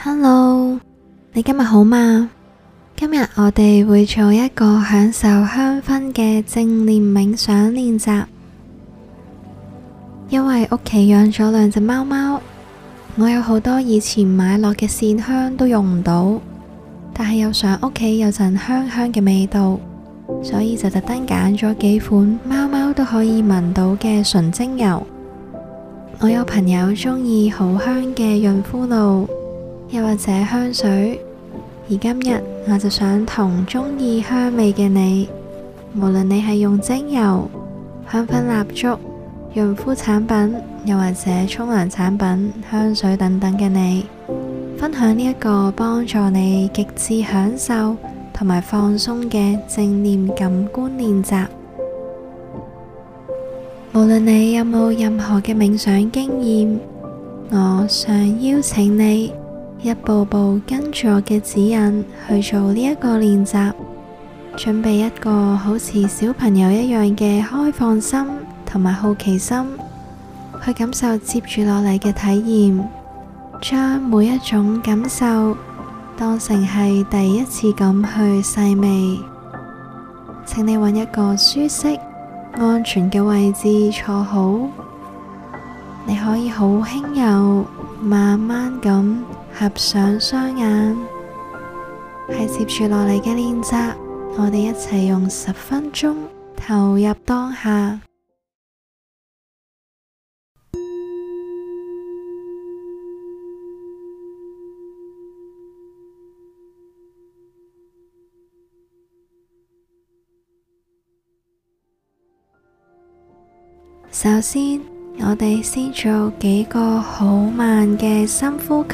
Hello，你今日好嗎？今日我哋會做一個享受香薰嘅正念冥想練習。因為屋企養咗兩隻貓貓，我有好多以前買落嘅線香都用唔到，但係又想屋企有陣香香嘅味道，所以就特登揀咗幾款貓貓都可以聞到嘅純精油。我有朋友鍾意好香嘅潤膚露。又或者香水，而今日我就想同鍾意香味嘅你，無論你係用精油、香薰蠟燭、潤膚產品，又或者沖涼產品、香水等等嘅你，分享呢一個幫助你極致享受同埋放鬆嘅正念感官練習。無論你有冇任何嘅冥想經驗，我想邀請你。一步步跟住我嘅指引去做呢一個練習，準備一個好似小朋友一樣嘅開放心同埋好奇心，去感受接住落嚟嘅體驗，將每一種感受當成係第一次咁去細味。請你揾一個舒適、安全嘅位置坐好，你可以好輕柔、慢慢咁。合上雙眼，係接住落嚟嘅練習，我哋一齊用十分鐘投入當下。 首先，我哋先做幾個好慢嘅深呼吸。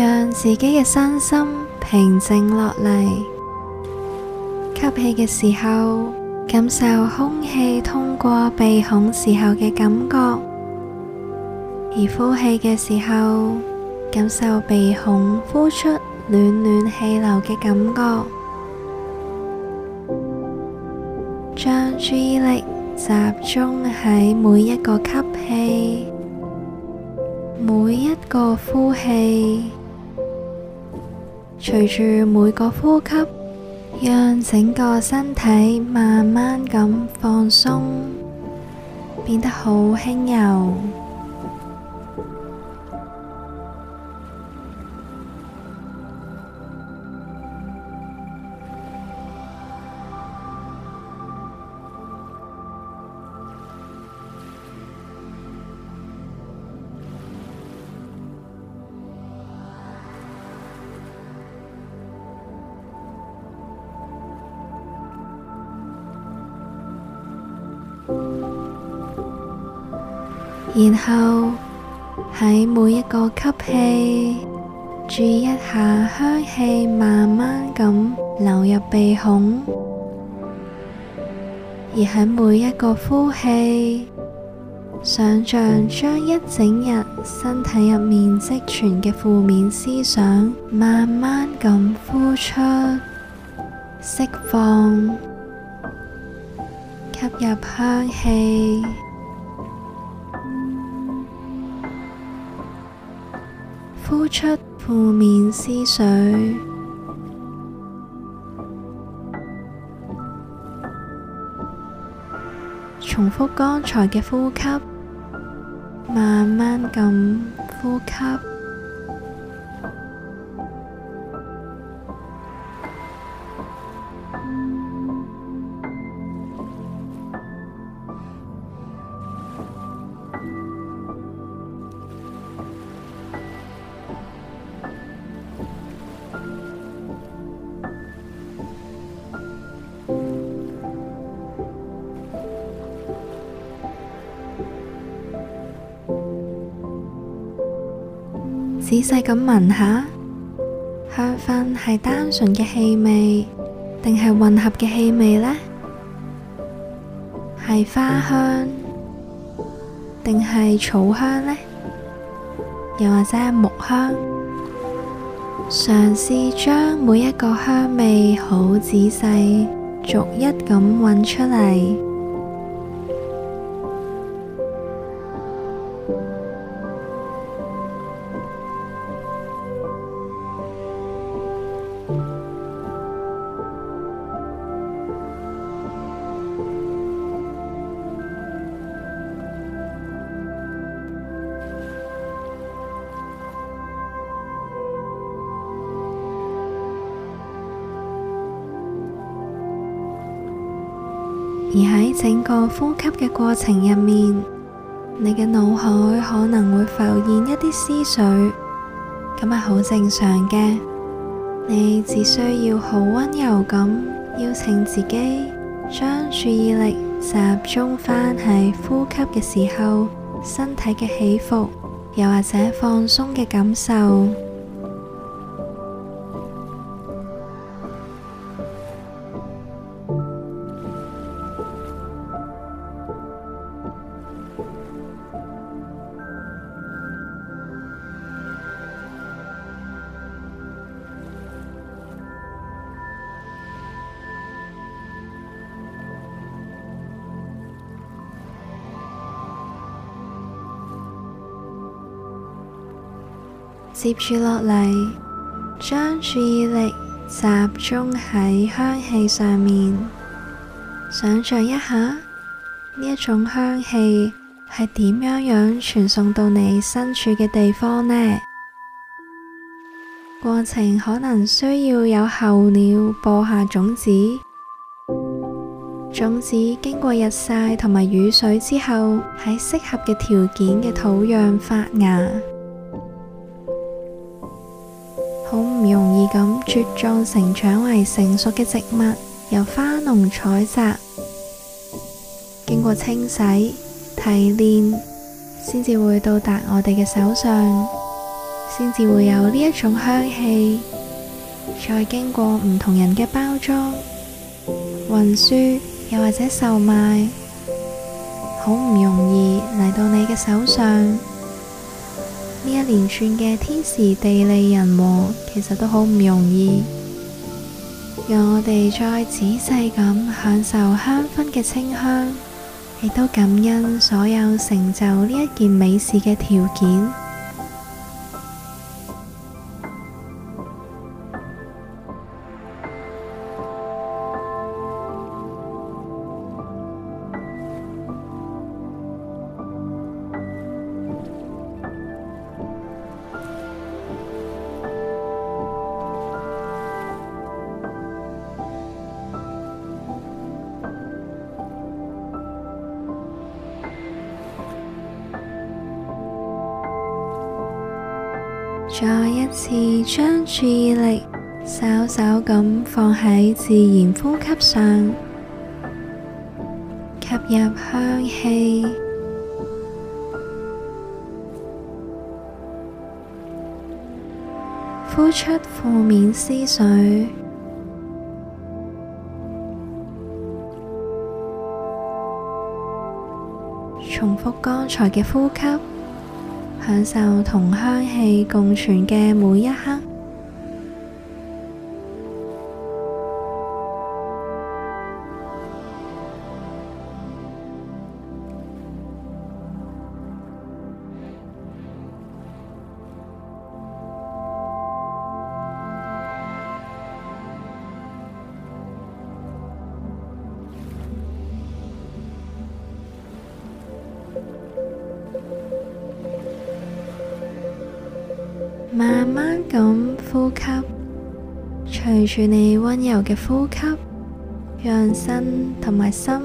讓自己嘅身心平靜落嚟，吸氣嘅時候感受空氣通過鼻孔時候嘅感覺，而呼氣嘅時候感受鼻孔呼出暖暖氣流嘅感覺，將注意力集中喺每一個吸氣、每一個呼氣。隨住每個呼吸，讓整個身體慢慢咁放鬆，變得好輕柔。然後喺每一個吸氣，注意一下香氣慢慢咁流入鼻孔；而喺每一個呼氣，想象將一整日身體入面積存嘅負面思想慢慢咁呼出、釋放、吸入香氣。呼出負面思緒，重複剛才嘅呼吸，慢慢咁呼吸。仔細咁聞下，香薰係單純嘅氣味，定係混合嘅氣味呢？係花香，定係草香呢？又或者係木香？嘗試將每一個香味好仔細，逐一咁搵出嚟。而喺整個呼吸嘅過程入面，你嘅腦海可能會浮現一啲思緒，咁係好正常嘅。你只需要好溫柔咁邀請自己，將注意力集中返喺呼吸嘅時候，身體嘅起伏，又或者放鬆嘅感受。接住落嚟，將注意力集中喺香氣上面，想象一下呢一種香氣係點樣樣傳送到你身處嘅地方呢？過程可能需要有候鳥播下種子，種子經過日曬同埋雨水之後，喺適合嘅條件嘅土壤發芽。咁茁壯成長為成熟嘅植物，由花農採摘，經過清洗、提煉，先至會到達我哋嘅手上，先至會有呢一種香氣。再經過唔同人嘅包裝、運輸，又或者售賣，好唔容易嚟到你嘅手上。一連串嘅天時地利人和，其實都好唔容易，讓我哋再仔細咁享受香薰嘅清香，亦都感恩所有成就呢一件美事嘅條件。再一次將注意力稍稍咁放喺自然呼吸上，吸入香氣，呼出負面思緒，重複剛才嘅呼吸。享受同香氣共存嘅每一刻。慢慢咁呼吸，隨住你温柔嘅呼吸，讓身同埋心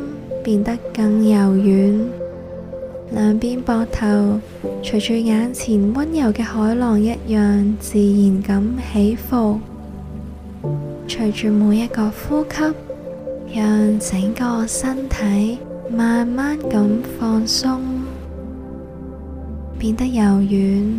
變得更柔軟。兩邊膊頭隨住眼前温柔嘅海浪一樣，自然咁起伏。隨住每一個呼吸，讓整個身體慢慢咁放鬆，變得柔軟。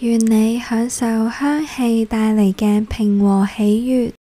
願你享受香氣帶嚟嘅平和喜悅。